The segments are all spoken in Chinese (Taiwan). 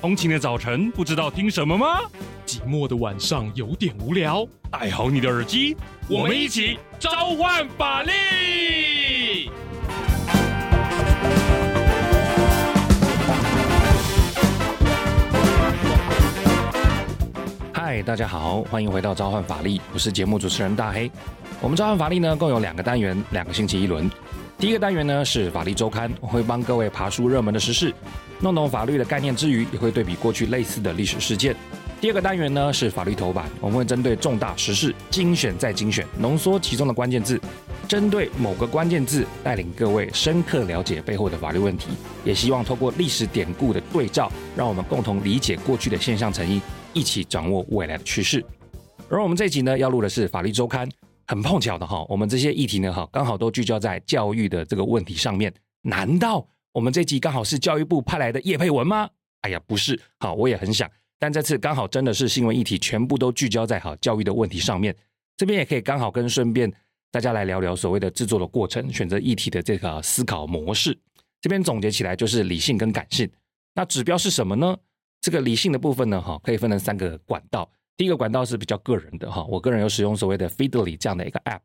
通勤的早晨不知道聽什麼嗎？寂寞的晚上有點無聊，戴好你的耳機，我們一起召喚法力！嗨，大家好，歡迎回到召喚法力，我是節目主持人大黑。我們召喚法力呢，共有兩個單元，兩個星期一輪。第一個單元呢，是法歷週刊，我們會幫各位爬梳熱門的時事，弄懂法律的概念之餘，也會對比過去類似的歷史事件。第二個單元呢，是法律頭版，我們會針對重大時事精選再精選，濃縮其中的關鍵字，針對某個關鍵字帶領各位深刻了解背後的法律問題，也希望透過歷史典故的對照，讓我們共同理解過去的現象成因，一起掌握未來的趨勢。而我們這集呢，要錄的是法歷週刊。很碰巧的哈，我們這些議題呢哈，剛好都聚焦在教育的這個問題上面。難道我們這集剛好是教育部派來的業配文嗎？哎呀，不是。好，我也很想，但這次剛好真的是新聞議題全部都聚焦在哈，教育的問題上面。這邊也可以剛好跟順便大家來聊聊所謂的制作的過程，選擇議題的這個思考模式。這邊總結起來就是理性跟感性。那指標是什麼呢？這個理性的部分呢哈，可以分成三個管道。第一個管道是比較個人的哈，我個人有使用所謂的 Feedly 這樣的一個 App，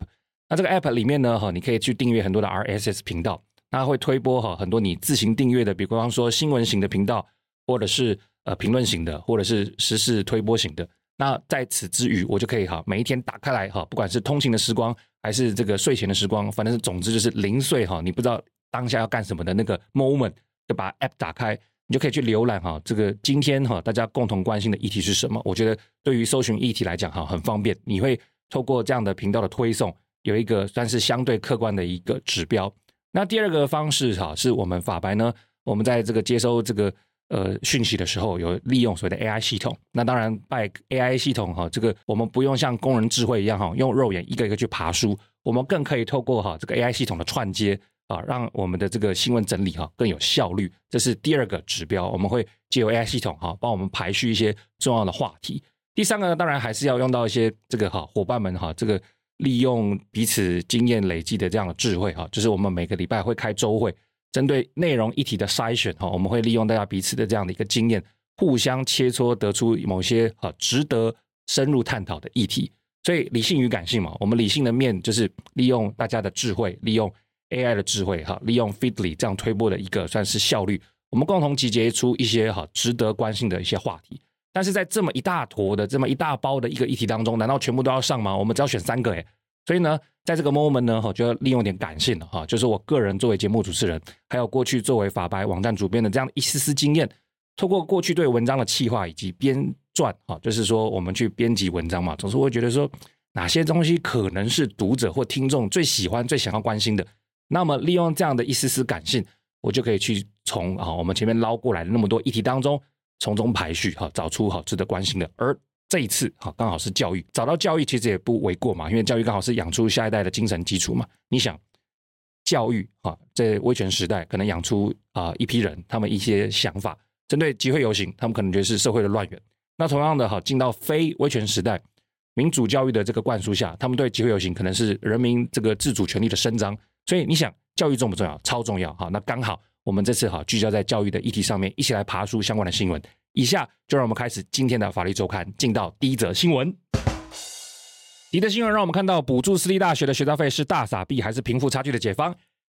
那這個 App 裡面呢哈，你可以去訂閱很多的 RSS 頻道，它會推播哈很多你自行訂閱的，比方說新聞型的頻道，或者是呃評論型的，或者是時事推播型的。那在此之餘，我就可以哈每一天打開來哈，不管是通勤的時光，還是這個睡前的時光，反正是總之就是零碎哈，你不知道當下要幹什麼的那個 moment，就把 App 打開。你就可以去瀏覽哈，這個今天哈大家共同關心的議題是什麼？我覺得對於搜尋議題來講哈，很方便。你會透過這樣的頻道的推送，有一個算是相對客觀的一個指標。那第二個方式哈，是我們法白呢，我們在這個接收這個呃訊息的時候，有利用所謂的 AI 系統。那當然拜 AI 系統哈，這個我們不用像工人智慧一樣哈，用肉眼一個一個去爬梳，我們更可以透過哈這個 AI 系統的串接。啊，讓我們的這個新聞整理哈更有效率，這是第二個指標。我們會借由 AI 系統哈幫我們排序一些重要的話題。第三個呢，當然還是要用到一些這個哈伙伴們哈這個利用彼此經驗累積的這樣的智慧哈，就是我們每個禮拜會開周會，針對內容議題的篩選哈，我們會利用大家彼此的這樣的一個經驗，互相切磋，得出某些哈值得深入探討的議題。所以理性與感性嘛，我們理性的面就是利用大家的智慧，利用。AI 的智慧哈，利用 Feedly 這樣推播的一個算是效率，我們共同集結出一些哈值得關心的一些話題。但是在這麼一大坨的這麼一大包的一個議題當中，難道全部都要上嗎？我們只要選三個誒。所以呢，在這個 moment 呢，哈，就要利用點感性了哈，就是我個人作為節目主持人，還有過去作為法白網站主編的這樣一絲絲經驗，透過過去對文章的企劃以及編撰哈，就是說我們去編輯文章嘛，總是會覺得說哪些東西可能是讀者或聽眾最喜歡、最想要關心的。那麼，利用這樣的一絲絲感性，我就可以去從啊，我們前面撈過來的那麼多議題當中，從中排序哈，找出好，值得關心的。而這一次哈，剛好是教育，找到教育其實也不為過嘛，因為教育剛好是養出下一代的精神基礎嘛。你想，教育啊，在威權時代可能養出啊一批人，他們一些想法針對集會遊行，他們可能覺得是社會的亂源。那同樣的哈，進到非威權時代，民主教育的這個灌輸下，他們對集會遊行可能是人民這個自主權利的伸張。所以你想教育，重不重要？超重要好，那剛好我們這次哈聚焦，在教育的議題上面，一起來爬梳相關的新聞。以下就讓我們開始今天的法律周刊，進到第一則新聞。第一則新聞讓我們看到補助私立大學的學雜費是大撒幣，還是貧富差距的解方？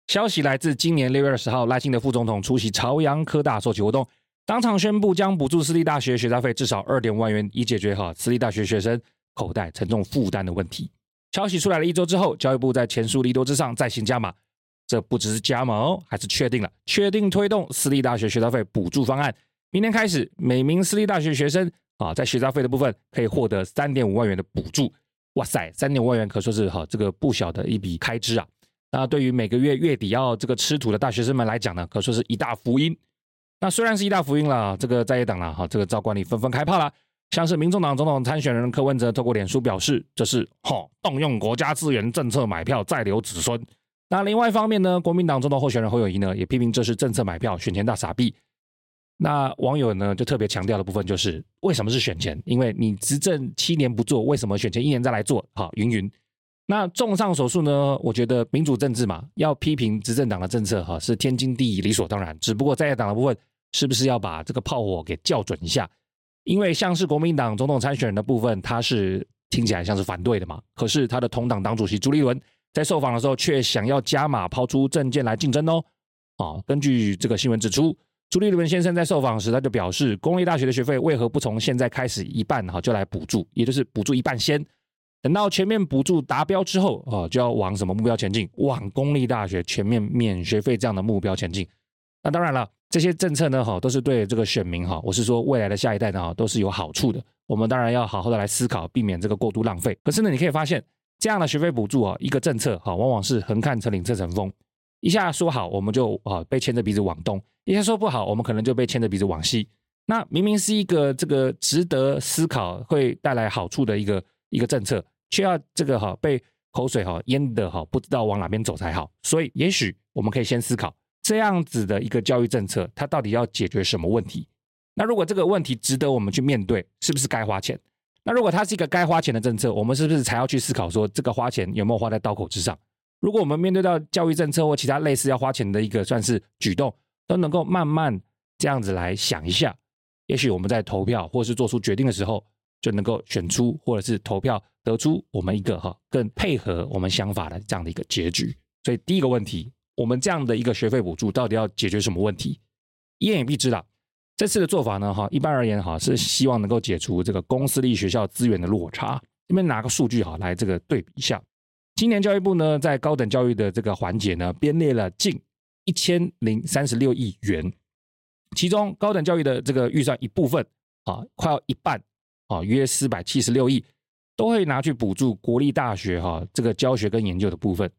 消息來自今年六月二十號，賴清德副總統出席朝陽科大授旗活動，當場宣布將補助私立大學學雜費至少二點五萬元，以解決哈私立大學學生口袋沉重負擔的問題。消息出來了一週之後，教育部在前述利多之上再行加碼，這不只是加碼哦，還是確定了，確定推動私立大學學雜費補助方案。明天開始，每名私立大學學生啊，在學雜費的部分可以獲得三點五萬元的補助。哇塞，三點五萬元可說是哈、啊、這個不小的一筆開支啊。那對於每個月月底要這個吃土的大學生們來講呢，可說是一大福音。那雖然是一大福音了，這個在野黨了哈、啊，這個趙管理紛紛開炮了。像是民眾黨總統參選人柯文哲透過臉書表示，這是吼、哦、動用國家資源，政策買票再留子孫。那另外一方面呢，國民黨總統候選人侯友宜呢也批評這是政策買票，選前大撒幣。那網友呢就特別強調的部分就是，為什麼是選前？因為你執政七年不做，為什麼選前一年再來做？哈、哦，云云。那綜上所述呢，我覺得民主政治嘛，要批評執政黨的政策，哈、哦，是天經地義、理所當然。只不過在野黨的部分，是不是要把這個炮火給校準一下？因為像是國民黨總統參選人的部分，他是聽起來像是反對的嘛？可是他的同黨黨主席朱立倫在受訪的時候，卻想要加碼拋出政見來競爭哦。啊，根據這個新聞指出，朱立倫先生在受訪時，他就表示，公立大學的學費為何不從現在開始一半哈就來補助，也就是補助一半先，等到全面補助達標之後啊，就要往什麼目標前進？往公立大學全面免學費這樣的目標前進。那當然了。這些政策呢，哈，都是對這個選民哈，我是說未來的下一代呢，哈，都是有好處的。我們當然要好好的來思考，避免這個過度浪費。可是呢，你可以發現，這樣的學費補助啊，一個政策哈，往往是橫看成嶺側成峰，一下說好，我們就啊被牽着鼻子往東；一下說不好，我們可能就被牽着鼻子往西。那明明是一個這個值得思考、會帶來好處的一個一個政策，卻要這個哈被口水哈淹得哈不知道往哪邊走才好。所以，也許我們可以先思考。這樣子的一個教育政策，它到底要解決什麼問題？那如果這個問題值得我們去面對，是不是該花錢？那如果它是一個該花錢的政策，我們是不是才要去思考說這個花錢有沒有花在刀口之上？如果我們面對到教育政策或其他類似要花錢的一個算是舉動，都能夠慢慢這樣子來想一下，也許我們在投票或是做出決定的時候，就能夠選出或者是投票得出我們一個哈更配合我們想法的這樣的一個結局。所以第一個問題，我們這樣的一個學費補助到底要解決什麼問題？一言以蔽之啊，這次的做法呢，哈，一般而言哈，是希望能夠解除這個公私立學校資源的落差。這邊拿個數據哈來這個對比一下。今年教育部呢，在高等教育的這個環節呢，編列了近一千零三十六億元，其中高等教育的這個預算一部分啊，快要一半啊，約四百七十六億，都會拿去補助國立大學哈、啊、這個教學跟研究的部分。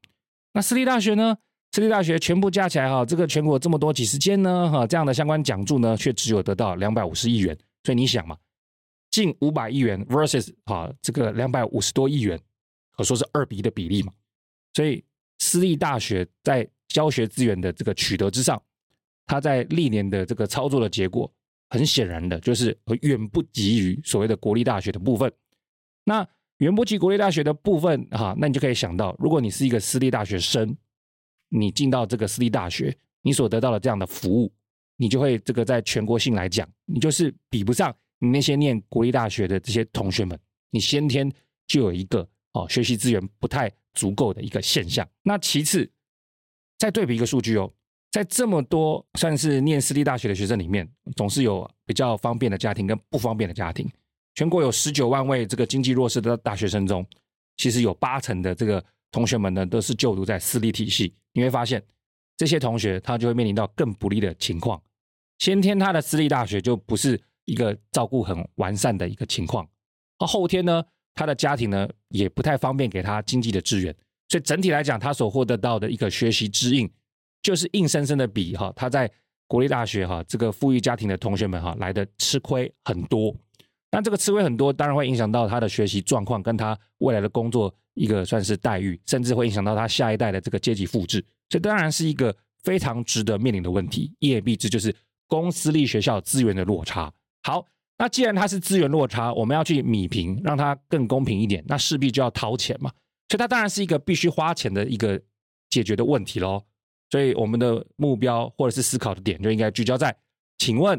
那私立大學呢？私立大學全部加起來哈，這個全國有這麼多幾十間呢，哈，這樣的相關獎助，呢，卻只有得到兩百五十億元。所以你想嘛，近五百億元 versus 哈，這個兩百五十多億元，可說是二比一的比例嘛。所以私立大學在教學資源的這個取得之上，它在歷年的這個操作的結果，很顯然的就是遠不及於所謂的國立大學的部分。那遠不及國立大學的部分哈，那你就可以想到，如果你是一個私立大學生，你進到這個私立大學，你所得到的這樣的服務，你就會這個在全國性來講，你就是比不上你那些念國立大學的這些同學們，你先天就有一個哦學習資源不太足夠的一個現象。那其次，再對比一個數據哦，在這麼多算是念私立大學的學生裡面，總是有比較方便的家庭跟不方便的家庭。全國有十九萬位這個經濟弱勢的大學生中，其實有八成的這個同學們呢，都是就讀在私立體系。你會發現，這些同學他就會面臨到更不利的情況。先天他的私立大學就不是一個照顧很完善的一個情況，而後天呢，他的家庭呢也不太方便給他經濟的支援，所以整體來講，他所獲得到的一個學習資源，就是硬生生的比哈、哦、他在國立大學哈、哦、這個富裕家庭的同學們哈、哦、來的吃虧很多。那這個吃虧很多，當然會影響到他的學習狀況跟他未來的工作。一個算是待遇，甚至會影響到他下一代的這個階級複製，這當然是一個非常值得面臨的問題。一言以蔽之，就是公私立學校資源的落差。好，那既然它是資源落差，我們要去彌平，讓它更公平一點，那勢必就要掏錢嘛。所以它當然是一個必須花錢的一個解決的問題咯。所以我們的目標或者是思考的點就應該聚焦在：請問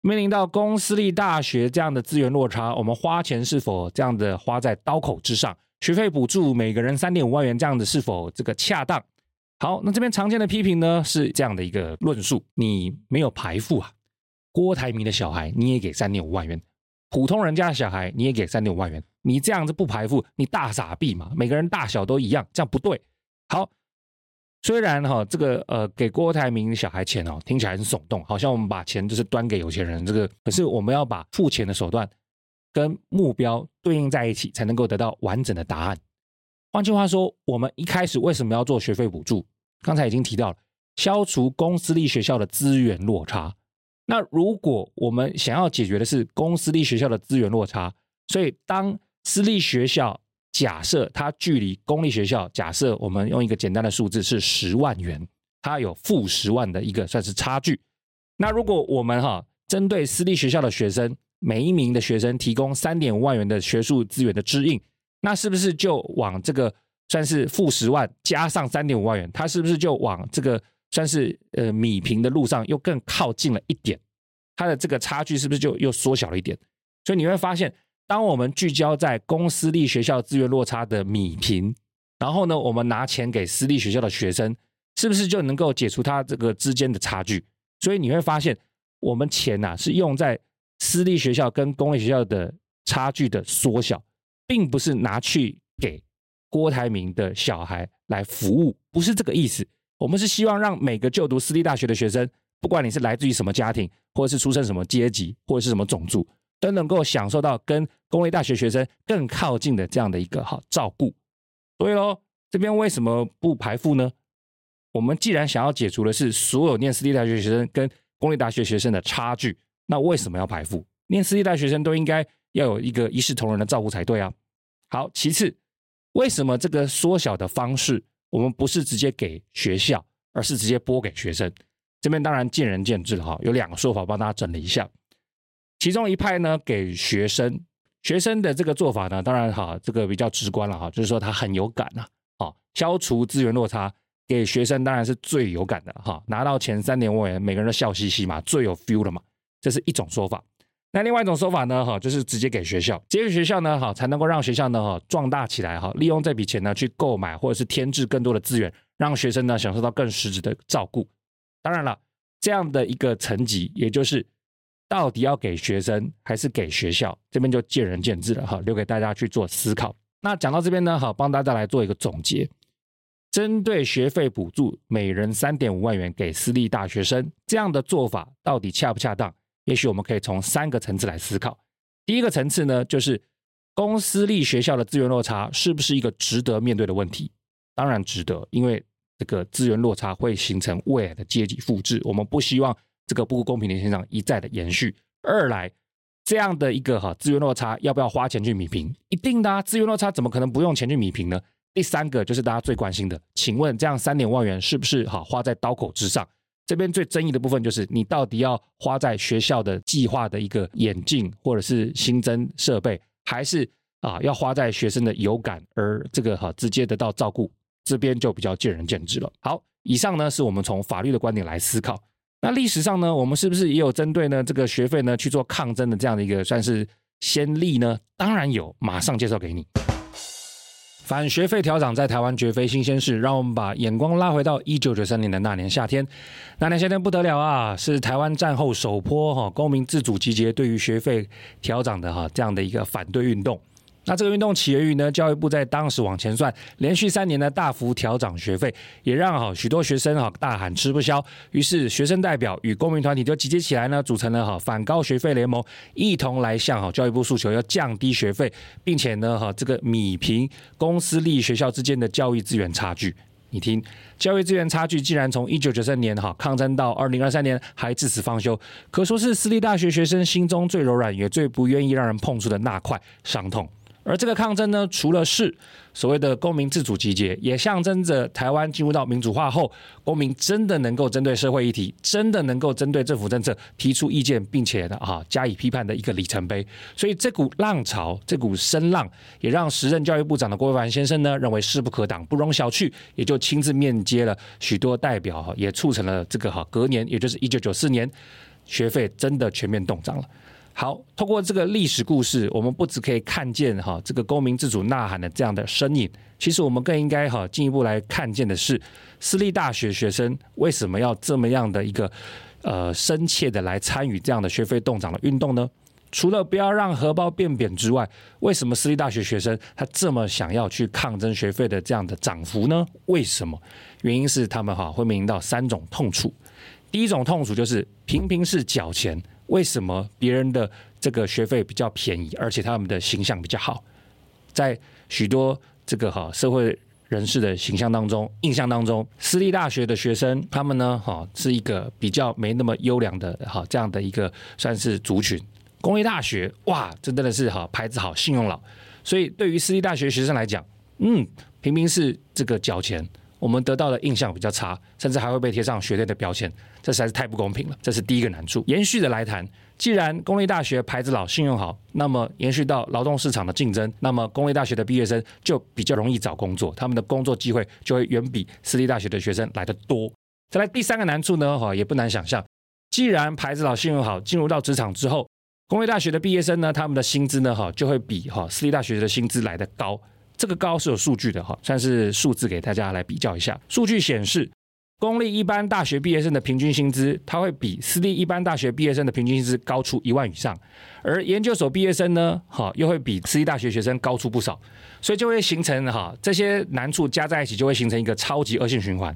面臨到公私立大學這樣的資源落差，我們花錢是否這樣的花在刀口之上？學費補助每個人三點五萬元，這樣子是否這個恰當？好，那這邊常見的批評呢是這樣的一個論述：你沒有排富啊，郭台銘的小孩你也給三點五萬元，普通人家的小孩你也給三點五萬元，你這樣子不排富，你大撒幣嘛？每個人大小都一樣，這樣不對。好，雖然哈、哦、這個呃給郭台銘小孩錢哦，聽起來很聳動，好像我們把錢就是端給有錢人這個，可是我們要把付錢的手段。跟目標對應在一起，才能夠得到完整的答案。換句話說，我們一開始為什麼要做學費補助？剛才已經提到了，消除公私立學校的資源落差。那如果我們想要解決的是公私立學校的資源落差，所以當私立學校假設它距離公立學校，假設我們用一個簡單的數字是十萬元，它有負十萬的一個算是差距。那如果我們哈針對私立學校的學生。每一名的學生提供三點五萬元的學術資源的支應，那是不是就往這個算是負十萬加上三點五萬元，他是不是就往這個算是呃弭平的路上又更靠近了一點？他的這個差距，是不是就又縮小了一點？所以你會發現，當我們聚焦在公私立學校資源落差的弭平，然後呢，我們拿錢給私立學校的學生，是不是就能夠解除他這個之間的差距？所以你會發現，我們錢吶、啊、是用在。私立學校跟公立學校的差距的縮小，並不是拿去給郭台銘的小孩來服務，不是這個意思。我們是希望讓每個就讀私立大學的學生，不管你是來自於什麼家庭，或是出身什麼階級，或是什麼種族，都能夠享受到跟公立大學學生更靠近的這樣的一個好照顧。所以嘍，這邊為什麼不排富呢？我們既然想要解除的是所有念私立大學學生跟公立大學學生的差距。那為什麼要排富？念私立大學生都應該要有一個一視同仁的照顧才對啊。好，其次，為什麼這個縮小的方式，我們不是直接給學校，而是直接撥給學生？這邊當然見仁見智了哈。有兩個說法，幫大家整理一下。其中一派呢，給學生學生的這個做法呢，當然哈，這個比較直觀了哈，就是說他很有感吶，好，消除資源落差，給學生當然是最有感的哈，拿到錢三萬元每個人都笑嘻嘻嘛，最有 feel 了嘛。這是一種說法，那另外一種說法呢，哈，就是直接給學校，給予學校呢，哈，才能夠讓學校呢，哈，壯大起來，哈，利用這筆錢呢去購買或者是添置更多的資源，讓學生呢享受到更實質的照顧。當然了，這樣的一個層級，也就是到底要給學生還是給學校，這邊就見仁見智了，哈，留給大家去做思考。那講到這邊呢，好，幫大家來做一個總結。針對學費補助每人三點五萬元給私立大學生這樣的做法，到底恰不恰當？也許我們可以從三個層次來思考。第一個層次呢，就是公私立學校的資源落差是不是一個值得面對的問題？當然值得，因為這個資源落差會形成未來的階級複制。我們不希望這個不公平的現象一再的延續。二來，這樣的一個哈資源落差要不要花錢去彌平？一定的啊，資源落差怎麼可能不用錢去彌平呢？第三個就是大家最關心的，請問這樣三點五萬元是不是哈花在刀口之上？這邊最爭議的部分就是，你到底要花在學校的計劃的一個眼鏡或者是新增設備，還是啊要花在學生的有感而這個哈、啊、直接得到照顧，這邊就比較見仁見智了。好，以上呢是我們從法律的觀點來思考。那歷史上呢，我們是不是也有針對呢這個學費呢去做抗爭的這樣的一個算是先例呢？當然有，馬上介紹給你。反學費調漲在台灣絕非新鮮事，讓我們把眼光拉回到一九九三年的那年夏天。那年夏天不得了啊，是台灣戰後首波哈公民自主集結對於學費調漲的哈這樣的一個反對運動。那這個運動起源於呢？教育部在當時往前算，連續三年呢大幅調漲學費，也讓哈許多學生哈大喊吃不消。於是學生代表與公民團體就集結起來呢，組成了哈反高學費聯盟，一同來向哈教育部訴求要降低學費，並且呢哈這個弭平公私立學校之間的教育資源差距。你聽，教育資源差距竟然從一九九三年哈抗爭到二零二三年還至死方休，可說是私立大學學生心中最柔軟也最不願意讓人碰觸的那塊傷痛。而這個抗爭呢，除了是所謂的公民自主集結，也象徵着台灣進入到民主化後，公民真的能夠針對社會議題，真的能夠針對政府政策提出意見，並且的哈加以批判的一個里程碑。所以這股浪潮，這股聲浪，也讓時任教育部長的郭為藩先生呢，認為勢不可擋，不容小覷，也就親自面接了許多代表哈，也促成了這個哈隔年，也就是一九九四年，學費真的全面凍漲了。好，通過這個歷史故事，我們不只可以看見哈、啊、這個公民自主吶喊的這樣的身影，其實我們更應該哈進一步來看見的是，私立大學學生為什麼要這麼樣的一個呃深切的來參與這樣的學費凍漲的運動呢？除了不要讓荷包變扁之外，為什麼私立大學學生他這麼想要去抗爭學費的這樣的漲幅呢？為什麼？原因是他們哈、啊、會面臨到三種痛楚，第一種痛楚就是平平是繳錢。為什麼別人的這個學費比較便宜，而且他們的形象比較好？在許多這個哈社會人士的形象當中、印象當中，私立大學的學生他們呢，哈是一個比較沒那麼優良的哈這樣的一個算是族群。公立大學哇，這真的是哈牌子好、信用老。所以對於私立大學學生來講，嗯，明明是這個繳錢，我們得到的印象比較差，甚至還會被貼上學歷的標籤，這實在是太不公平了。這是第一個難處。延續的來談，既然公立大學牌子老、信用好，那麼延續到勞動市場，的競爭，那麼公立大學的畢業生就比較容易找工作，他們的工作機會就會遠比私立大學的學生來得多。再來第三個難處呢？哈，也不難想象，既然牌子老、信用好，進入到職場之後，公立大學的畢業生呢，他們的薪資呢，哈，就會比哈私立大學的薪資來得高。這個高是有數據的哈，算是數字給大家來比較一下。數據顯示，公立一般大學畢業生的平均薪資，它會比私立一般大學畢業生的平均薪資高出一萬以上。而研究所畢業生呢，哈，又會比私立大學學生高出不少。所以就會形成哈，這些難處加在一起，就會形成一個超級惡性循環。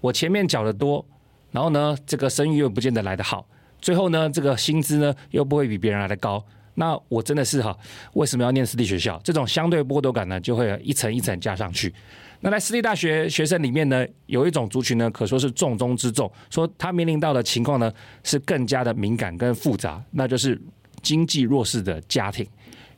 我前面繳得多，然後呢，這個聲譽又不見得來得好，最後呢，這個薪資呢，又不會比別人來得高。那我真的是哈，為什麼要念私立學校？這種相對剝奪感呢，就會一層一層加上去。那在私立大學學生裡面呢，有一種族群呢，可說是重中之重，說他面臨到的情況呢，是更加的敏感跟複雜，那就是經濟弱勢的家庭。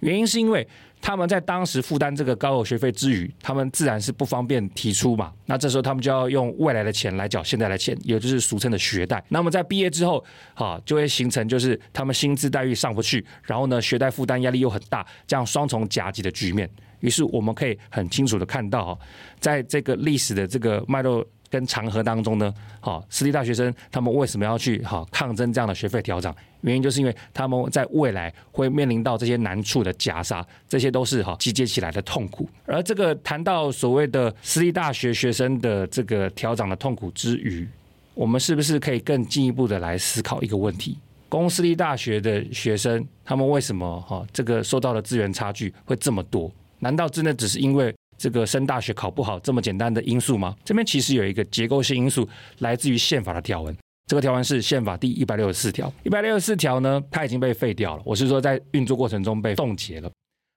原因是因為。他們在當時負擔這個高額學費之餘，他們自然是不方便提出嘛。那這時候他們就要用未來的錢來繳現在的錢，也就是俗稱的學貸。那麼在畢業之後，哈、啊，就會形成就是他們薪資待遇上不去，然後呢學貸負擔壓力又很大，這樣雙重夾擊的局面。於是我們可以很清楚的看到，在這個歷史的這個脈絡。跟長河當中呢，好，私立大學生他們為什麼要去哈抗爭這樣的學費調整？原因就是因為他們在未來會面臨到這些難處的夾殺，這些都是哈集結起來的痛苦。而這個談到所謂的私立大學學生的這個調整的痛苦之餘，我們是不是可以更進一步的來思考一個問題：公私立大學的學生他們為什麼哈這個受到的資源差距會這麼多？難道真的只是因為？這個升大學考不好這麼簡單的因素嗎？這邊其實有一個結構性因素，來自於憲法的條文。這個條文是憲法第一百六十四條。一百六十四條呢，它已經被廢掉了。我是說，在運作過程中被凍結了。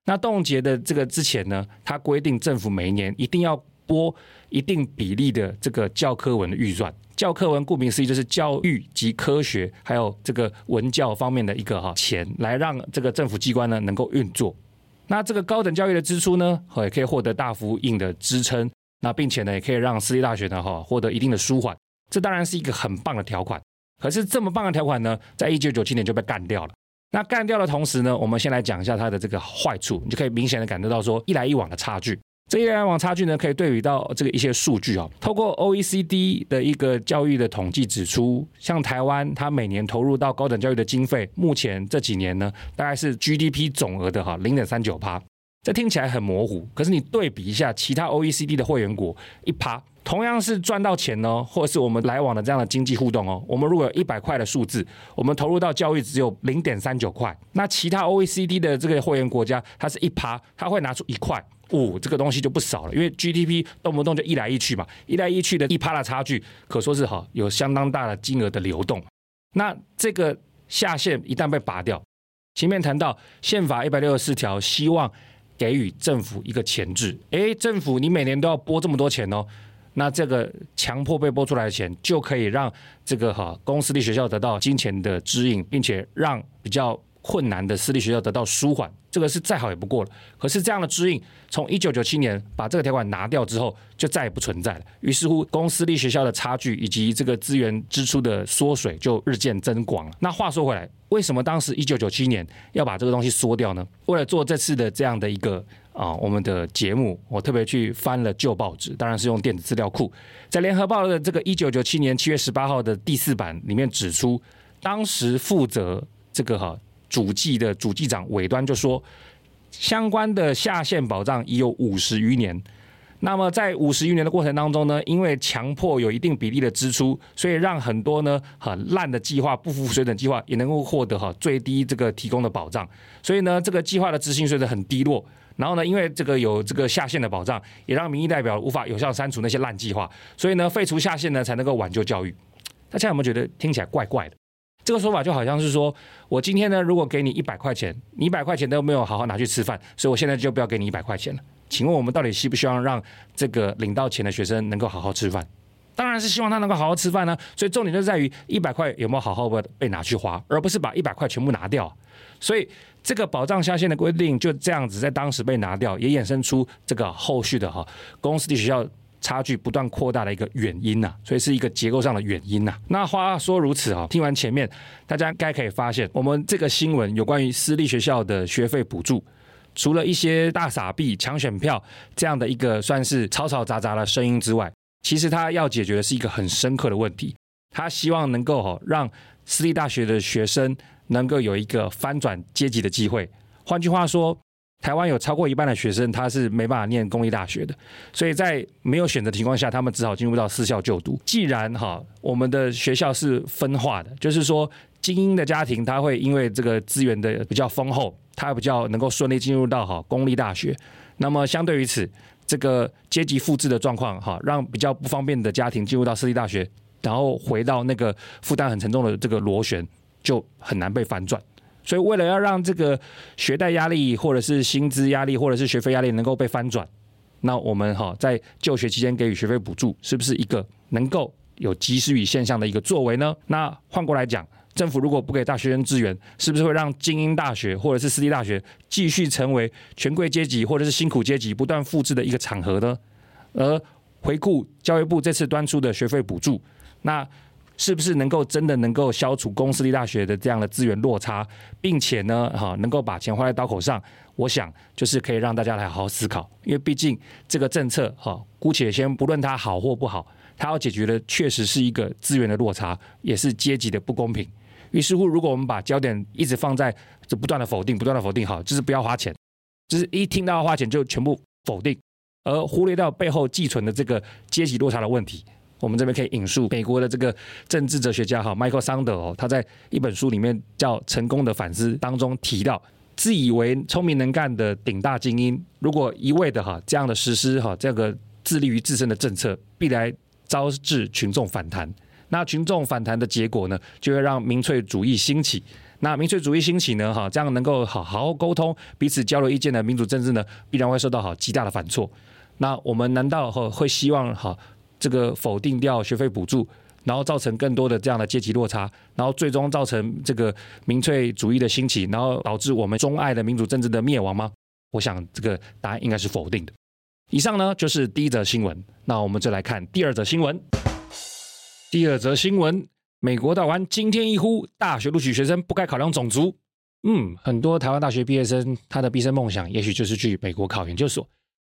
那凍結的這個之前呢，它規定政府每一年一定要撥一定比例的這個教科文的預算。教科文顧名思義就是教育及科學，還有這個文教方面的一個哈錢，來讓這個政府機關呢能夠運作。那這個高等教育的支出呢，也可以獲得大幅應的支撐，那並且呢，也可以讓私立大學呢哈獲得一定的舒緩，這當然是一個很棒的條款。可是這麼棒的條款呢，在一九九七年就被幹掉了。那幹掉的同時呢，我們先來講一下它的這個壞處，你就可以明顯的感受到說，一來一往的差距。這一來往差距呢，可以對比到這個一些數據啊、哦。透過 O E C D 的一個教育的統計指出，像台灣，它每年投入到高等教育的經費，目前這幾年呢，大概是 G D P 總額的哈零點三九趴。這聽起來很模糊，可是你對比一下其他 O E C D 的會員國一趴，同樣是賺到錢哦，或者是我們來往的這樣的經濟互動哦。我們如果有一百塊的數字，我們投入到教育只有零點三九塊，那其他 O E C D 的這個會員國家，它是一趴，他會拿出一塊。五、哦,這個東西就不少了，因為 GDP 動不動就一來一去嘛，一來一去的一趴的差距，可說是哈有相當大的金額的流動。那這個下限一旦被拔掉，前面談到憲法一百六十四條，希望給予政府一個牽制。誒，政府你每年都要撥這麼多錢哦，那這個強迫被撥出來的錢就可以讓這個哈公私立學校得到金錢的支應，並且讓比較。困難的私立學校得到舒緩，這個是再好也不過了。可是這樣的指引從一九九七年把這個條款拿掉之後，就再也不存在了。於是乎，公私立學校的差距以及這個資源支出的縮水就日漸增廣了。那話說回來，為什麼當時一九九七年要把這個東西縮掉呢？為了做這次的這樣的一個啊、呃，我們的節目，我特別去翻了舊報紙，當然是用電子資料庫，在聯合報的這個一九九七年七月十八號的第四版裡面指出，當時負責這個哈。主計的主計長尾端就說，相關的下限保障已有五十餘年。那麼在五十餘年的過程當中呢，因為強迫有一定比例的支出，所以讓很多呢很爛的計劃、不符水準計劃也能夠獲得哈最低這個提供的保障。所以呢，這個計劃的執行水準很低落。然後呢，因為這個有這個下限的保障，也讓民意代表無法有效刪除那些爛計劃。所以呢，廢除下限呢才能夠挽救教育。大家有沒有覺得聽起來怪怪的？這個說法就好像是說，我今天呢，如果給你一百塊錢，你一百塊錢都沒有好好拿去吃飯，所以我現在就不要給你一百塊錢了。請問我們到底希不希望讓這個領到錢的學生能夠好好吃飯？當然是希望他能夠好好吃飯呢、啊。所以重點就在於一百塊有沒有好好被被拿去花，而不是把一百塊全部拿掉。所以這個保障下限的規定就這樣子，在當時被拿掉，也衍生出這個後續的哈、啊，公司的學校。差距不斷擴大的一個原因吶、啊，所以是一個結構上的原因吶、啊。那話說如此啊，聽完前面，大家該可以發現，我們這個新聞有關於私立學校的學費補助，除了一些大撒幣搶選票這樣的一個算是吵吵雜雜的聲音之外，其實他要解決的是一個很深刻的問題，他希望能夠哈讓私立大學的學生能夠有一個翻轉階級的機會。換句話說。台灣有超過一半的學生，他是沒辦法念公立大學的，所以在沒有選擇的情況下，他們只好進入到私校就讀。既然哈，我們的學校是分化的，就是說，精英的家庭他會因為這個資源的比較豐厚，他比較能夠順利進入到哈公立大學。那麼，相對於此，這個階級複制的狀況哈，讓比較不方便的家庭進入到私立大學，然後回到那個負擔很沉重的這個螺旋，就很難被翻轉。所以，為了要讓這個學貸壓力，或者是薪資壓力，或者是學費壓力能夠被翻轉，那我們哈在就學期間給予學費補助，是不是一個能夠有及時雨現象的一個作為呢？那換過來講，政府如果不給大學生資源，是不是會讓精英大學或者是私立大學繼續成為權貴階級或者是辛苦階級不斷複制的一個場合呢？而回顧教育部這次端出的學費補助，那。是不是能夠真的能夠消除公私立大學的這樣的資源落差，並且呢，哈，能夠把錢花在刀口上？我想就是可以讓大家來好好思考，因為畢竟這個政策，哈，姑且先不論它好或不好，它要解決的確實是一個資源的落差，也是階級的不公平。於是乎，如果我們把焦點一直放在這，就不斷的否定，不斷的否定，好，就是不要花錢，就是一聽到要花錢就全部否定，而忽略到背後既存的這個階級落差的問題。我們這邊可以引述美國的這個政治哲學家哈、啊、，Michael Sandel、哦、他在一本書裡面叫《成功的反思》當中提到，自以為聰明能幹的頂大精英，如果一味的哈、啊、這樣的實施哈、啊、這個致力於自身的政策，必然招致群眾反彈。那群眾反彈的結果呢，就會讓民粹主義興起。那民粹主義興起呢、啊，哈這樣能夠好好，好溝通、彼此交流意見的民主政治呢，必然會受到好、啊、極大的反挫。那我們難道、啊、會希望哈、啊這個否定掉學費補助，然後造成更多的這樣的階級落差，然後最終造成這個民粹主義的興起，然後導致我們鍾愛的民主政治的滅亡嗎？我想這個答案應該是否定的。以上呢就是第一則新聞，那我們就來看第二則新聞。第二則新聞：美國大法官驚天一呼，大學錄取學生不該考量種族。嗯，很多台灣大學畢業生他的畢生夢想，也許就是去美國考研究所。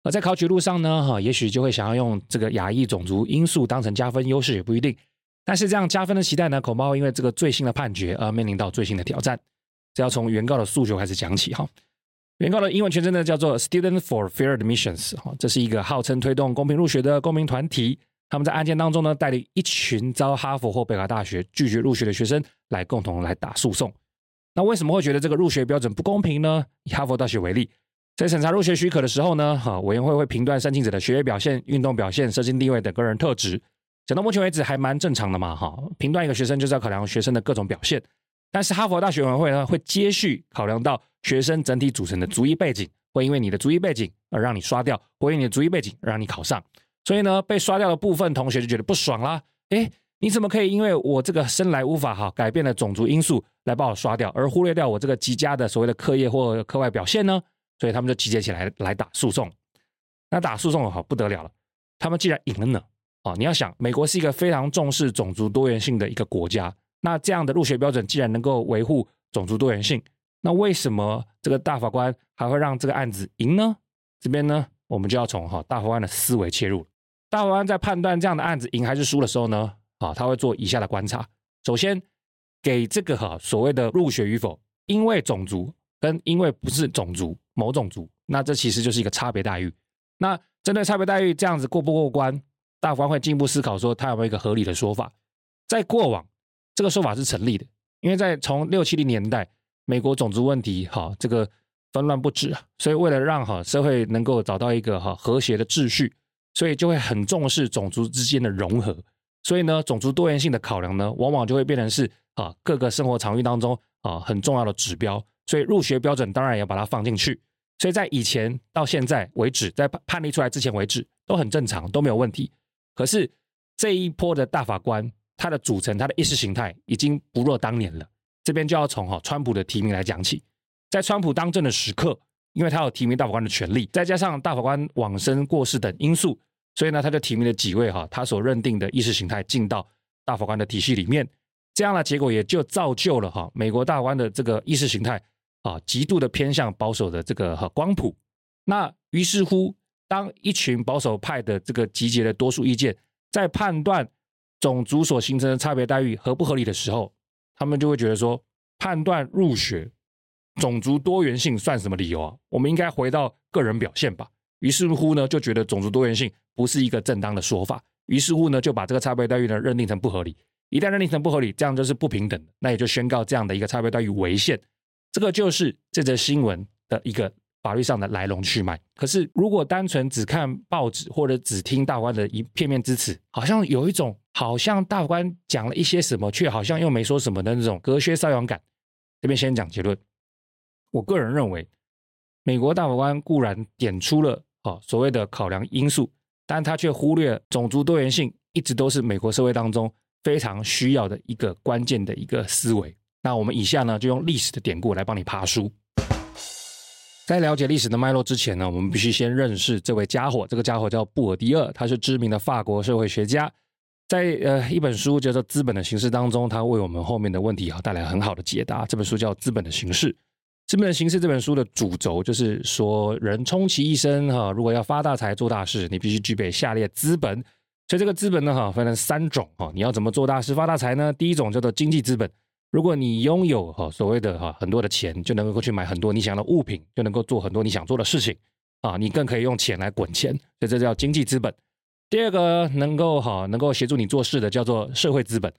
而在考取路上呢，哈，也許就會想要用這個亞裔種族因素當成加分優勢，也不一定。但是這樣加分的期待呢，恐怕會因為這個最新的判決而面臨到最新的挑戰。這要從原告的訴求開始講起哈。原告的英文全稱呢叫做 “Student for Fair Admissions” 哈，這是一個號稱推動公平入學的公民團體。他們在案件當中呢，帶領一群遭哈佛或北卡大學拒絕入學的學生來共同來打訴訟。那為什麼會覺得這個入學標準不公平呢？以哈佛大學為例。在審查入學許可的時候呢，哈，委員會會評斷申請者的學業表現、運動表現、社會地位等個人特質。講到目前為止還蠻正常的嘛，哈。評斷一個學生就是要考量學生的各種表現。但是哈佛大學委員會呢，會接續考量到學生整體組成的族裔背景，會因為你的族裔背景而讓你刷掉，會因為你的族裔背景而讓你考上。所以呢，被刷掉的部分同學就覺得不爽啦，誒，你怎麼可以因為我這個生來無法哈改變的種族因素來把我刷掉，而忽略掉我這個極佳的所謂的課業或課外表現呢？所以他們就集結起來，來打訴訟，那打訴訟的話不得了了。他們既然贏了呢，啊、哦，你要想，美國是一個非常重視種族多元性的一個國家，那這樣的入學標準既然能夠維護種族多元性，那為什麼這個大法官還會讓這個案子贏呢？這邊呢，我們就要從哈、哦、大法官的思維切入。大法官在判斷這樣的案子贏還是輸的時候呢，啊、哦，他會做以下的觀察：首先，給這個哈所謂的入學與否，因為種族跟因為不是種族。某種族，那這其實就是一個差別待遇。那針對差別待遇這樣子過不過關，大法官會進一步思考說他有沒有一個合理的說法。在過往，這個說法是成立的，因為在從六七零年代美國種族問題哈、哦、這個紛亂不止啊，所以為了讓哈、哦、社會能夠找到一個哈、哦、和諧的秩序，所以就會很重視種族之間的融合。所以呢，種族多元性的考量呢，往往就會變成是啊、哦、各個生活場域當中啊、哦、很重要的指標。所以入學標準當然也要把它放進去。所以在以前到現在為止，在判判例出來之前為止，都很正常，都沒有問題。可是這一波的大法官他的組成、他的意識形態已經不若當年了。這邊就要從哈川普的提名來講起，在川普當政的時刻，因為他有提名大法官的權利，再加上大法官往生過世等因素，所以呢，他就提名了幾位哈他所認定的意識形態進到大法官的體系裡面。這樣的、啊、結果也就造就了哈美國大法官的這個意識形態。啊，極度的偏向保守的這個和光譜，那於是乎，當一群保守派的這個集結的多數意見，在判斷種族所形成的差別待遇合不合理的時候，他們就會覺得說，判斷入學種族多元性算什麼理由啊？我們應該回到個人表現吧。於是乎呢，就覺得種族多元性不是一個正當的說法。於是乎呢，就把這個差別待遇呢認定成不合理。一旦認定成不合理，這樣就是不平等的，那也就宣告這樣的一個差別待遇違憲。這個就是這則新聞的一個法律上的來龍去脈。可是，如果單純只看報紙或者只聽大法官的一片面之詞，好像有一種好像大法官講了一些什麼，卻好像又沒說什麼的那種隔靴搔癢感。這邊先講結論。我個人認為，美國大法官固然點出了啊、哦、所謂的考量因素，但他卻忽略了種族多元性一直都是美國社會當中非常需要的一個關鍵的一個思維。那我們以下呢，就用歷史的典故來幫你爬梳。在了解歷史的脈絡之前呢，我們必須先認識這位家伙。這個家伙叫布爾迪厄，他是知名的法國社會學家。在呃一本書叫做《資本的形式》當中，他為我們後面的問題哈帶來很好的解答。這本書叫《資本的形式》。《資本的形式》這本書的主軸就是說，人充其一生哈，如果要發大財、做大事，你必須具備下列資本。所以這個資本呢哈，分成三種哈，你要怎麼做大事、發大財呢？第一種叫做經濟資本。如果你擁有哈所謂的哈很多的錢，就能夠去買很多你想要的物品，就能夠做很多你想做的事情啊，你更可以用錢來滾錢，所以這叫經濟資本。第二個能夠哈能夠協助你做事的叫做社會資本，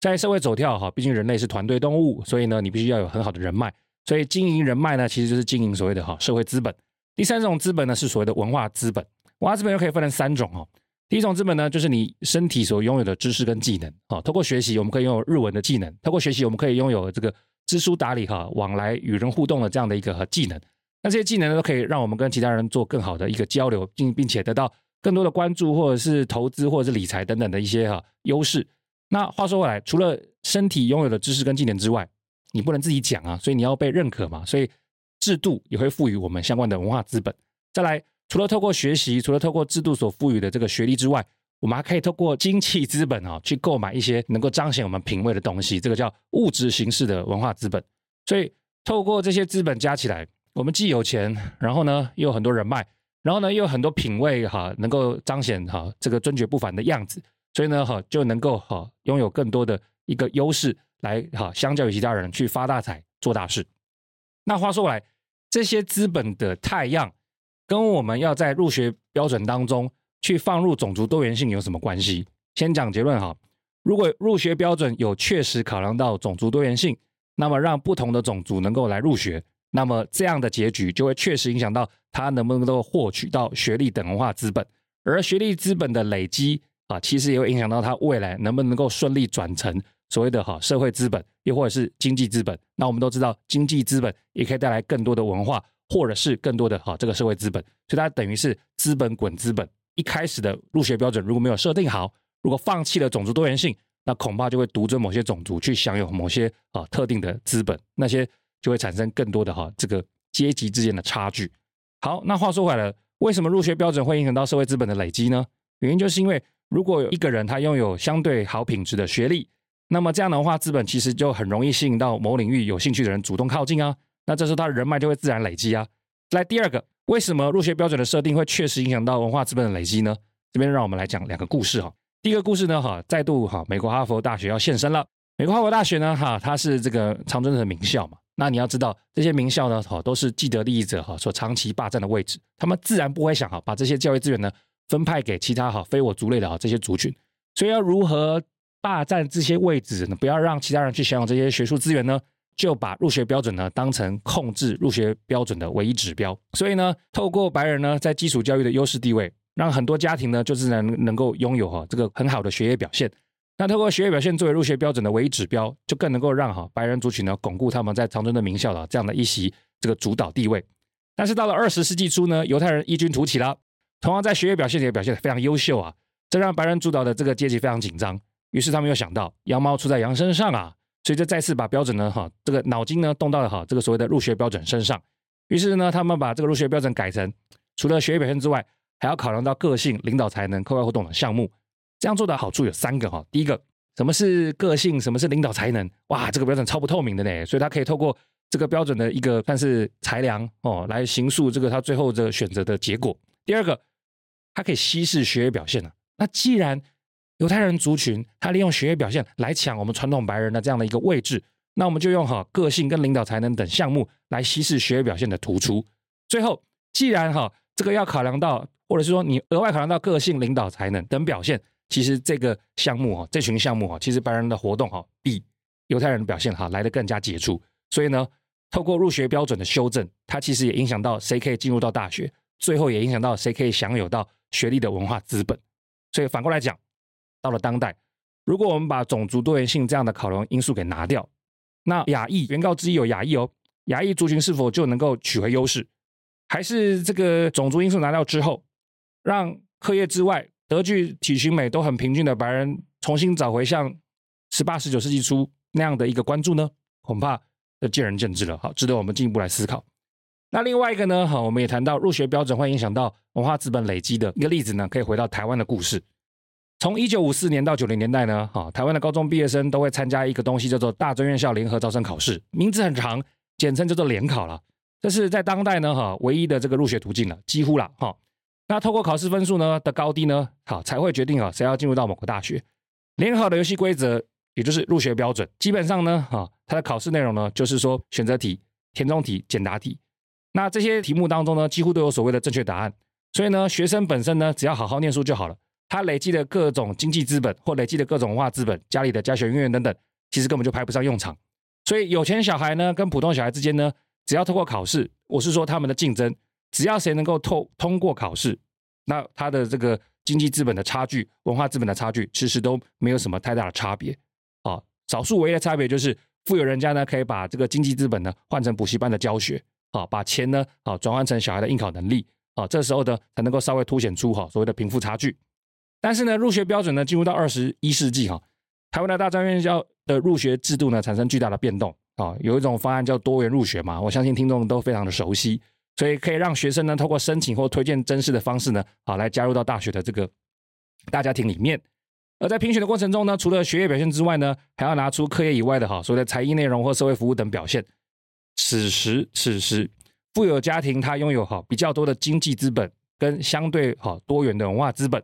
在社會走跳哈，畢竟人類是團隊動物，所以呢你必須要有很好的人脈，所以經營人脈呢其實就是經營所謂的哈社會資本。第三種資本呢是所謂的文化資本，文化資本又可以分成三種哈。第一種資本呢，就是你身體所擁有的知識跟技能啊。透過學習，我們可以擁有日文的技能；透過學習，我們可以擁有這個知書達理哈、啊，往來與人互動的這樣的一個、啊、技能。那這些技能呢，都可以讓我們跟其他人做更好的一個交流，並並且得到更多的關注，或者是投資，或者是理財等等的一些哈、啊、優勢。那話說回來，除了身體擁有的知識跟技能之外，你不能自己講啊，所以你要被認可嘛。所以制度也會賦予我們相關的文化資本。再來。除了透過學習，除了透過制度所賦予的這個學歷之外，我們還可以透過經濟資本啊，去購買一些能夠彰顯我們品味的東西。這個叫物質形式的文化資本。所以透過這些資本加起來，我們既有錢，然後呢又有很多人脈，然後呢又有很多品味哈、啊，能夠彰顯哈、啊、這個尊爵不凡的樣子。所以呢哈、啊、就能夠哈、啊、擁有更多的一個優勢來哈、啊、相較於其他人去發大財做大事。那話說回來，這些資本的太陽。跟我們要在入學標準當中去放入種族多元性有什麼關係？先講結論哈，如果入學標準有確實考量到種族多元性，那麼讓不同的種族能夠來入學，那麼這樣的結局就會確實影響到他能不能夠獲取到學歷等文化資本，而學歷資本的累積啊，其實也會影響到他未來能不能夠順利轉成所謂的哈社會資本，又或者是經濟資本。那我們都知道，經濟資本也可以帶來更多的文化。或者是更多的哈，這個社會資本，所以它等於是資本滾資本。一開始的入學標準如果沒有設定好，如果放棄了種族多元性，那恐怕就會獨尊某些種族去享有某些啊特定的資本，那些就會產生更多的哈這個階級之間的差距。好，那話說回來了，為什麼入學標準會影響到社會資本的累積呢？原因就是因為如果一個人他擁有相對好品質的學歷，那麼這樣的話，資本其實就很容易吸引到某領域有興趣的人主動靠近啊。那這時候他人脈就會自然累積啊。來第二個，為什麼入學標準的設定會確實影響到文化資本的累積呢？這邊讓我們來講兩個故事哈、哦。第一個故事呢哈，再度哈，美國哈佛大學要現身了。美國哈佛大學呢哈，它是這個常春藤的名校嘛。那你要知道，這些名校呢哈，都是既得利益者哈所長期霸占的位置。他們自然不會想哈，把這些教育資源呢分派給其他哈非我族類的哈這些族群。所以要如何霸占這些位置呢？不要讓其他人去享有這些學術資源呢？就把入學標準呢當成控制入學標準的唯一指標，所以呢，透過白人呢在基礎教育的優勢地位，讓很多家庭呢就是能能夠擁有哈、哦、這個很好的學業表現。那透過學業表現作為入學標準的唯一指標，就更能夠讓哈、哦、白人族群呢鞏固他們在常春的名校的、哦、這樣的一席這個主導地位。但是到了二十世紀初呢，猶太人異軍突起了，同樣在學業表現也表現得非常優秀啊，這讓白人主導的這個階級非常緊張。於是他們又想到，羊毛出在羊身上啊。所以，就再次把標準呢，哈，這個腦筋呢動到了哈，這個所謂的入學標準身上。於是呢，他們把這個入學標準改成，除了學業表現之外，還要考量到個性、領導才能、課外活動等項目。這樣做的好處有三個哈：第一個，什麼是個性，什麼是領導才能？哇，這個標準超不透明的呢。所以，他可以透過這個標準的一個，但是裁量哦，來形塑這個他最後的選擇的結果。第二個，他可以稀釋學業表現呢、啊。那既然猶太人族群，他利用學業表現來搶我們傳統白人的這樣的一個位置，那我們就用哈個性跟領導才能等項目來稀釋學業表現的突出。最後，既然哈這個要考量到，或者是說你額外考量到個性、領導才能等表現，其實這個項目哈，這群項目哈，其實白人的活動哈比猶太人的表現哈來得更加傑出。所以呢，透過入學標準的修正，它其實也影響到誰可以進入到大學，最後也影響到誰可以享有到學歷的文化資本。所以反過來講。到了當代，如果我們把種族多元性這樣的考量因素給拿掉，那亞裔原告之一有亞裔哦，亞裔族群是否就能夠取回優勢？還是這個種族因素拿掉之後，讓課業之外德智體群美都很平均的白人重新找回像十八十九世紀初那樣的一個關注呢？恐怕就見仁見智了。好，值得我們進一步來思考。那另外一個呢，好，我們也談到入學標準會影響到文化資本累積的一個例子呢，可以回到台灣的故事。從一九五四年到九零年代呢，哈，台灣的高中畢業生都會參加一個東西叫做大專院校聯合招生考試，名字很長，簡稱叫做聯考了。這是在當代呢，哈，唯一的這個入學途徑了，幾乎了，哈、哦。那透過考試分數呢的高低呢，好、哦、才會決定啊誰要進入到某個大學。聯考的遊戲規則，也就是入學標準，基本上呢，哈、哦，它的考試內容呢就是說選擇題、填充題、簡答題。那這些題目當中呢，幾乎都有所謂的正確答案，所以呢，學生本身呢只要好好念書就好了。他累積的各種經濟資本或累積的各種文化資本，家裡的家學淵源等等，其實根本就派不上用場。所以有錢小孩呢，跟普通小孩之間呢，只要通過考試，我是說他們的競爭，只要誰能夠透通過考試，那他的這個經濟資本的差距、文化資本的差距，其實都沒有什麼太大的差別啊。少數唯一的差別就是富有人家呢，可以把這個經濟資本呢換成補習班的教學啊，把錢呢啊轉換成小孩的應考能力啊，這時候呢才能夠稍微凸顯出哈、啊、所謂的貧富差距。但是呢，入學標準呢，進入到二十一世紀哈、哦，台灣的大專院校的入學制度呢，產生巨大的變動啊、哦，有一種方案叫多元入學嘛，我相信聽眾都非常的熟悉，所以可以讓學生呢，透過申請或推薦甄試的方式呢，好來加入到大學的這個大家庭裡面。而在評選的過程中呢，除了學業表現之外呢，還要拿出課業以外的哈，所謂的才藝內容或社會服務等表現。此時此時，富有家庭他擁有好比較多的經濟資本，跟相對好多元的文化資本。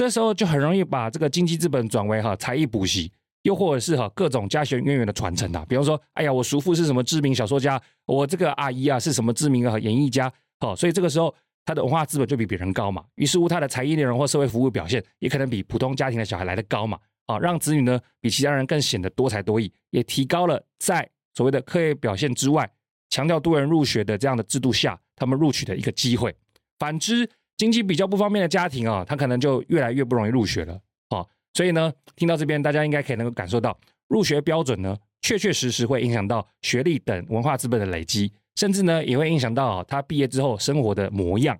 這時候就很容易把這個經濟資本轉為哈、啊、才藝補習，又或者是哈、啊、各種家學淵源的傳承啊，比方說，哎呀，我叔父是什麼知名小說家，我這個阿姨啊是什麼知名的演藝家，哦、啊，所以這個時候他的文化資本就比別人高嘛。於是乎，他的才藝內容或社會服務表現也可能比普通家庭的小孩來得高嘛。啊，讓子女呢比其他人更顯得多才多藝，也提高了在所謂的課業表現之外，強調多人入學的這樣的制度下，他們錄取的一個機會。反之。經濟比較不方便的家庭啊、哦，他可能就越來越不容易入學了、哦、所以呢，聽到這邊大家應該可以能夠感受到，入學標準呢確確實實會影響到學歷等文化資本的累積，甚至呢也會影響到、哦、他畢業之後生活的模樣。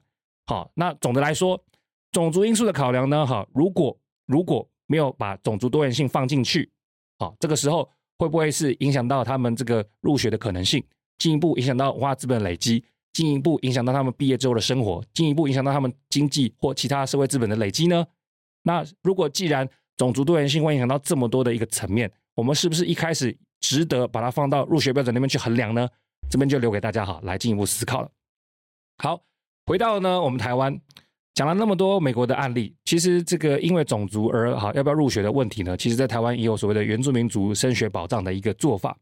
好、哦，那總的來說，種族因素的考量呢，好、哦，如果如果沒有把種族多元性放進去，好、哦，這個時候會不會是影響到他們這個入學的可能性，進一步影響到文化資本的累積？進一步影響到他們畢業之後的生活，進一步影響到他們經濟或其他社會資本的累積呢？那如果既然種族多元性會影響到這麼多的一個層面，我們是不是一開始值得把它放到入學標準那邊去衡量呢？這邊就留給大家哈，來進一步思考了。好，回到呢，我們台灣講了那麼多美國的案例，其實這個因為種族而哈，要不要入學的問題呢？其實，在台灣也有所謂的原住民族升學保障的一個做法。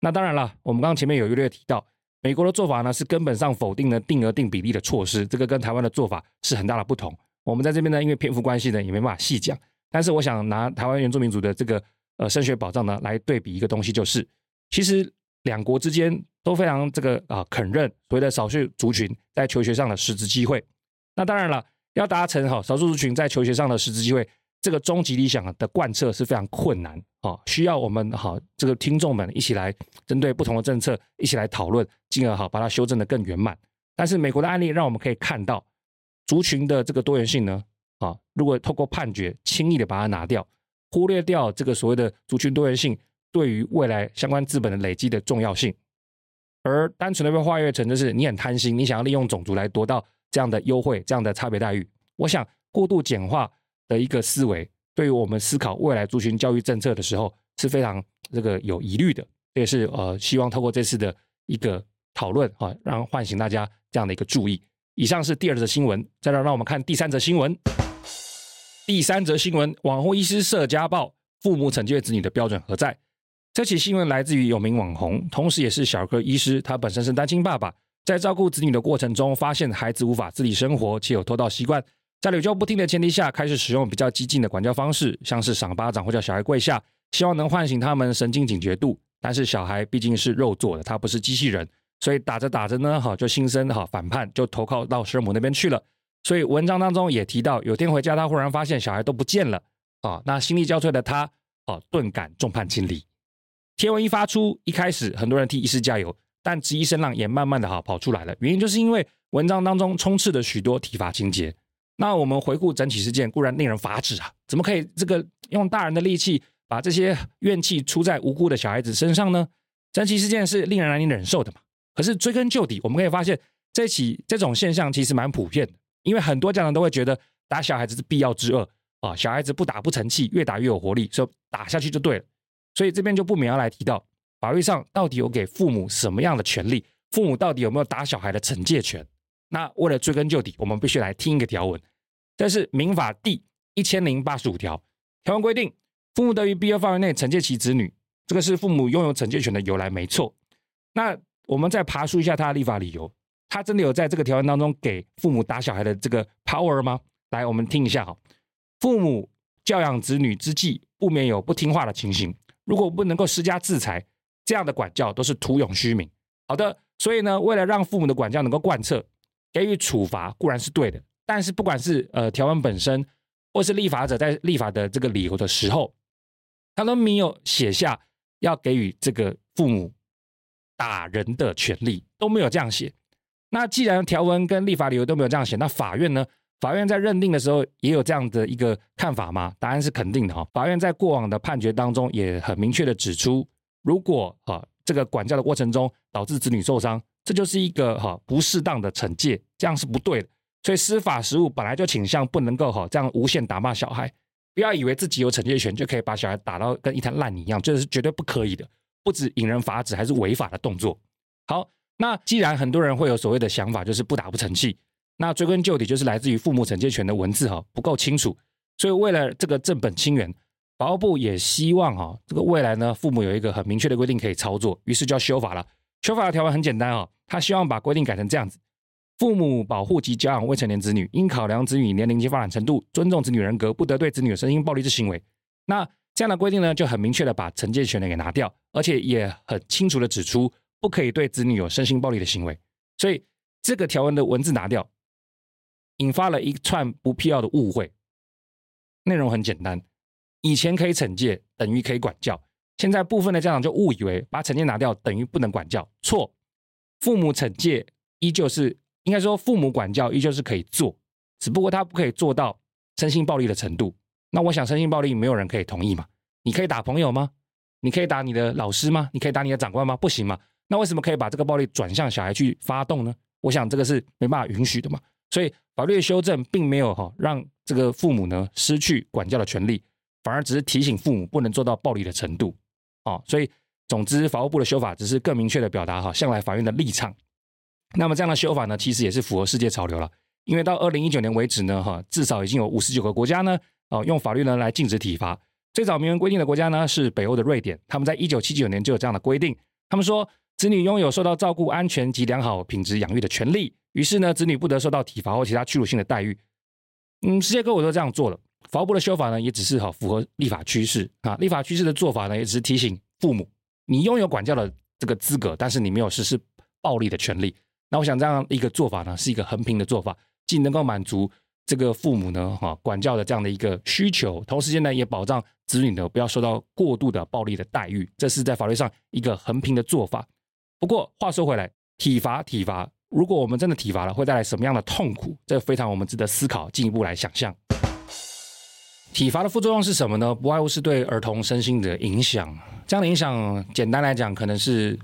那當然了，我們剛前面有略略提到。美國的做法呢，是根本上否定了定額定比例的措施，這個跟台灣的做法是很大的不同。我們在這邊呢，因為篇幅關係呢，也沒辦法細講。但是我想拿台灣原住民族的這個呃升學保障呢，來對比一個東西，就是其實兩國之間都非常這個啊、呃、肯認所謂的少數族群在求學上的實質機會。那當然了，要達成好少數族群在求學上的實質機會。這個終極理想的貫徹是非常困難啊，需要我們好、啊、這個聽眾們一起來針對不同的政策一起來討論，進而好、啊、把它修正得更圓滿。但是美國的案例讓我們可以看到族群的這個多元性呢，啊，如果透過判決輕易的把它拿掉，忽略掉這個所謂的族群多元性對於未來相關資本的累積的重要性，而單純的被化約成就是你很貪心，你想要利用種族來奪到這樣的優惠，這樣的差別待遇。我想過度簡化。的一個思維，對於我們思考未來族群教育政策的時候是非常這個有疑慮的。這也是呃，希望透過這次的一個討論啊，讓喚醒大家這樣的一個注意。以上是第二則新聞，再來讓我們看第三則新聞。第三則新聞：網紅醫師涉家暴，父母懲戒子女的標準何在？這起新聞來自於有名網紅，同時也是小兒科醫師，他本身是單親爸爸，在照顧子女的過程中，發現孩子無法自理生活，且有偷盜習慣。在屢教不聽的前提下，開始使用比較激進的管教方式，像是賞巴掌或叫小孩跪下，希望能喚醒他們神經警覺度。但是小孩畢竟是肉做的，他不是機器人，所以打着打着呢，好，就心生好，反叛，就投靠到生母那邊去了。所以文章當中也提到，有天回家，他忽然發現小孩都不見了啊，那心力交瘁的他，啊，頓感眾叛親離。貼文一發出，一開始很多人替醫師加油，但質疑聲浪也慢慢的哈跑出來了，原因就是因為文章當中充斥着許多體罰情節。那我們回顧整起事件，固然令人髮指啊，怎麼可以這個用大人的力氣把這些怨氣出在無辜的小孩子身上呢？整起事件是令人難以忍受的嘛。可是追根究底，我們可以發現這起這種現象其實蠻普遍的，因為很多家長都會覺得打小孩子是必要之惡啊，小孩子不打不成器，越打越有活力，所以打下去就對了。所以這邊就不免要來提到法律上到底有給父母什麼樣的權利？父母到底有沒有打小孩的懲戒權？那為了追根究底，我們必須來聽一個條文。這是民法第一千零八十五條。條文規定，父母得於必要範圍內懲戒其子女，這個是父母擁有懲戒權的由來，沒錯。那我們再爬梳一下他的立法理由，他真的有在這個條文當中給父母打小孩的這個 power 嗎？來，我們聽一下哈，父母教養子女之際，不免有不聽話的情形，如果不能夠施加制裁，這樣的管教都是徒有虛名。好的，所以呢，為了讓父母的管教能夠貫徹。給予處罰固然是對的，但是不管是呃條文本身，或是立法者在立法的這個理由的時候，他都沒有寫下要給予這個父母打人的權利，都沒有這樣寫。那既然條文跟立法理由都沒有這樣寫，那法院呢？法院在認定的時候也有這樣的一個看法嗎？答案是肯定的哈、哦。法院在過往的判決當中也很明確的指出，如果啊、呃、這個管教的過程中導致子女受傷。這就是一個哈不適當的懲戒，這樣是不對的。所以司法實務本來就傾向不能夠哈這樣無限打罵小孩，不要以為自己有懲戒權就可以把小孩打到跟一灘爛泥一樣，這、就是絕對不可以的，不止引人髮指，還是違法的動作。好，那既然很多人會有所謂的想法，就是不打不成器，那追根究底就是來自於父母懲戒權的文字哈不夠清楚，所以為了這個正本清源，法務部也希望哈這個未來呢，父母有一個很明確的規定可以操作，於是就要修法了。修法的條文很簡單哦，他希望把規定改成這樣子：父母保護及教養未成年子女，應考量子女年齡及發展程度，尊重子女人格，不得對子女有身心暴力之行為。那這樣的規定呢，就很明確的把懲戒權呢給拿掉，而且也很清楚的指出，不可以對子女有身心暴力的行為。所以這個條文的文字拿掉，引發了一串不必要的誤會。內容很簡單，以前可以懲戒，等於可以管教。現在部分的家長就誤以為把懲戒拿掉等於不能管教，錯，父母懲戒依舊是，應該說父母管教依舊是可以做，只不過他不可以做到身心暴力的程度。那我想身心暴力沒有人可以同意嘛？你可以打朋友嗎？你可以打你的老師嗎？你可以打你的長官嗎？不行嘛？那為什麼可以把這個暴力轉向小孩去發動呢？我想這個是沒辦法允許的嘛。所以法律的修正並沒有哈讓這個父母呢失去管教的權利，反而只是提醒父母不能做到暴力的程度。哦，所以總之，法務部的修法只是更明確的表達哈，向來法院的立場。那麼這樣的修法呢，其實也是符合世界潮流了。因為到二零一九年為止呢，哈，至少已經有五十九個國家呢，哦，用法律呢來禁止體罰。最早明文規定的國家呢是北歐的瑞典，他們在一九七九年就有這樣的規定。他們說，子女擁有受到照顧、安全及良好品質養育的權利，於是呢，子女不得受到體罰或其他屈辱性的待遇。嗯，世界各國都這樣做了。法務部的修法呢，也只是哈符合立法趨勢啊，立法趨勢的做法呢，也只是提醒父母，你擁有管教的這個資格，但是你沒有實施暴力的權利。那我想這樣一個做法呢，是一個衡平的做法，既能夠滿足這個父母呢哈、啊、管教的這樣的一個需求，同時間呢也保障子女呢不要受到過度的暴力的待遇，這是在法律上一個衡平的做法。不過話說回來，體罰體罰，如果我們真的體罰了，會帶來什麼樣的痛苦？這非常我們值得思考，進一步來想象。體罰的副作用是什麼呢？不外乎是對兒童身心的影響。這樣的影響，簡單來講，可能是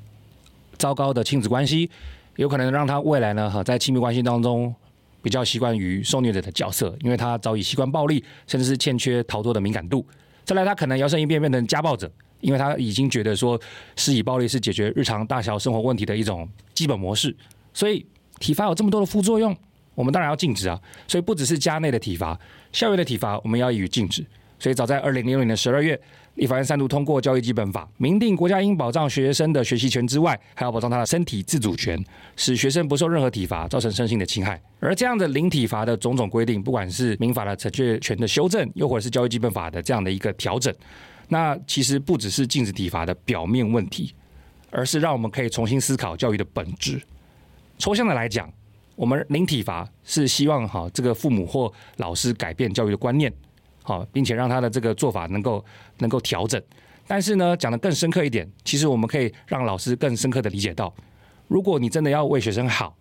糟糕的親子關係，有可能讓他未來呢，哈，在親密關係當中比較習慣於受虐者的角色，因為他早已習慣暴力，甚至是欠缺逃脫的敏感度。再來，他可能搖身一變變成家暴者，因為他已經覺得說，施以暴力是解決日常大小生活問題的一種基本模式。所以，體罰有這麼多的副作用。我們當然要禁止啊，所以不只是家內的體罰，校園的體罰，我們要予以禁止。所以早在二零零六年的十二月，立法院三讀通過教育基本法，明定國家應保障學生的學習權之外，還要保障他的身體自主權，使學生不受任何體罰造成身心的侵害。而這樣的零體罰的種種規定，不管是民法的懲戒權的修正，又或者是教育基本法的這樣的一個調整，那其實不只是禁止體罰的表面問題，而是讓我們可以重新思考教育的本質。抽象的來講。我們零體罰是希望哈，這個父母或老師改變教育的觀念，好，並且讓他的這個做法能夠能夠調整。但是呢，講得更深刻一點，其實我們可以讓老師更深刻的理解到，如果你真的要為學生好，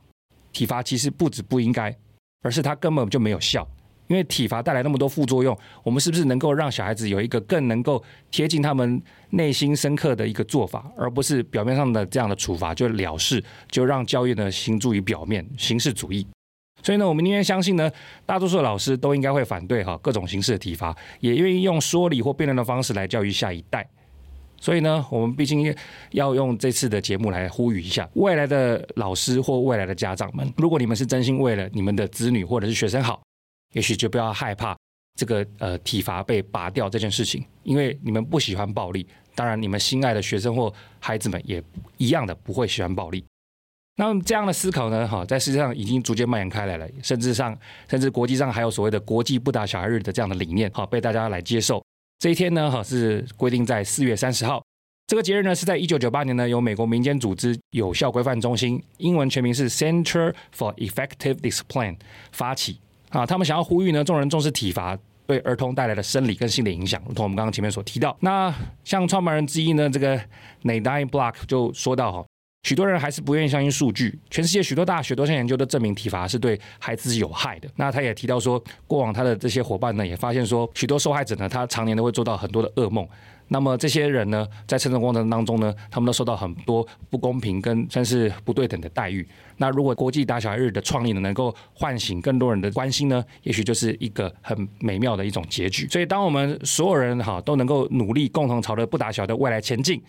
體罰其實不止不應該，而是他根本就沒有效。因為體罰帶來那麼多副作用，我們是不是能夠讓小孩子有一個更能夠貼近他們內心深刻的一個做法，而不是表面上的這樣的處罰就了事，就讓教育呢，行注於表面形式主義？所以呢，我們寧願相信呢，大多數的老師都應該會反對哈各種形式的體罰，也願意用說理或辯論的方式來教育下一代。所以呢，我們畢竟要用這次的節目來呼籲一下未來的老師或未來的家長們，如果你們是真心為了你們的子女或者是學生好。也許就不要害怕這個呃體罰被拔掉這件事情，因為你們不喜歡暴力，當然你們心愛的學生或孩子們也一樣的不會喜歡暴力。那麼這樣的思考呢，哈，在世界上已經逐漸蔓延開來了，甚至上甚至國際上還有所謂的“國際不打小孩日”的這樣的理念，哈，被大家來接受。這一天呢，哈，是規定在四月三十號。這個節日呢，是在一九九八年呢，由美國民間組織有效規範中心（英文全名是 Center for Effective Discipline） 發起。啊，他們想要呼籲呢，眾人重視體罰對兒童帶來的生理跟心理影響，如同我們剛剛前面所提到。那像創辦人之一呢，這個、Nadine、Block 就說到哈，許多人還是不願意相信數據，全世界許多大學多項研究都證明體罰是對孩子是有害的。那他也提到說，過往他的這些伙伴呢，也發現說，許多受害者呢，他常年都會做到很多的噩夢。那麼這些人呢，在成長過程當中呢，他們都受到很多不公平跟算是不對等的待遇。那如果國際打小孩日的創立呢，能夠喚醒更多人的關心呢，也許就是一個很美妙的一種結局。所以，當我們所有人哈都能夠努力，共同朝着不打小孩的未來前進。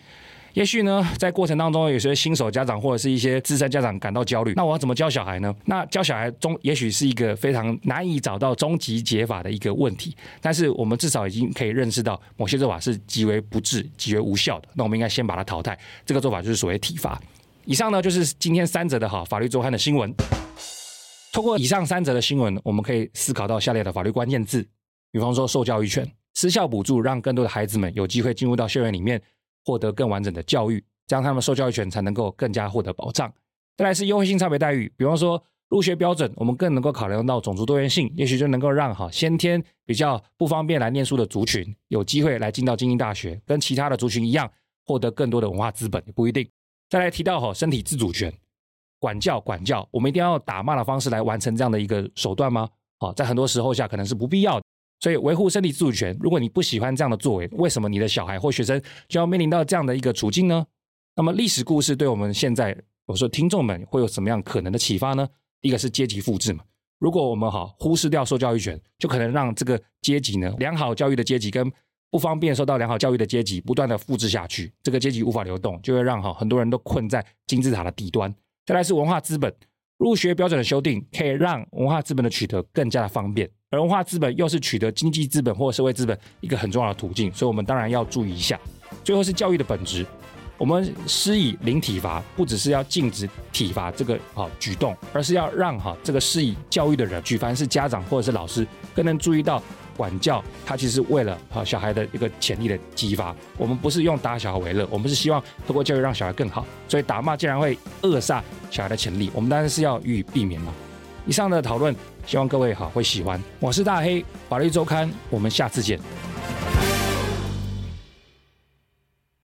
也許呢，在過程當中，有些新手家長或者是一些資深家長感到焦慮。那我要怎麼教小孩呢？那教小孩中，也許是一個非常難以找到終極解法的一個問題。但是，我們至少已經可以認識到，某些做法是極為不智、極為無效的。那我們應該先把它淘汰。這個做法就是所謂體罰。以上呢，就是今天三則的哈法歷周刊的新聞。透過以上三則的新聞，我們可以思考到下列的法律關鍵字，比方說受教育權、私校補助，讓更多的孩子們有機會進入到校園裡面。獲得更完整的教育，這樣他們受教育權才能夠更加獲得保障。再來是優惠性差別待遇，比方說入學標準，我們更能夠考量到種族多元性，也許就能夠讓哈先天比較不方便來念書的族群有機會來進到精英大學，跟其他的族群一樣獲得更多的文化資本也不一定。再來提到哈身體自主權，管教管教，我們一定要打罵的方式來完成這樣的一個手段嗎？啊，在很多時候下可能是不必要的。所以，維護身體自主權。如果你不喜歡這樣的作為，為什麼你的小孩或學生就要面臨到這樣的一個處境呢？那麼，歷史故事對我們現在我說聽眾們會有什麼樣可能的啟發呢？一個是階級複製嘛。如果我們哈忽視掉受教育權，就可能讓這個階級呢良好教育的階級跟不方便受到良好教育的階級不斷的複製下去，這個階級無法流動，就會讓哈很多人都困在金字塔的底端。再來是文化資本，入學標準的修訂可以讓文化資本的取得更加的方便。而文化資本又是取得經濟資本或社會資本一個很重要的途徑，所以我們當然要注意一下。最後是教育的本質，我們施以零體罰，不只是要禁止體罰這個哈舉動，而是要讓哈這個施以教育的人，舉凡是家長或者是老師，更能注意到管教他其實是為了好小孩的一個潛力的激發。我們不是用打小孩為樂，我們是希望通過教育讓小孩更好。所以打罵竟然會扼殺小孩的潛力，我們當然是要予以避免了。以上的討論。希望各位好會喜歡，我是大黑，法歷週刊，我們下次見。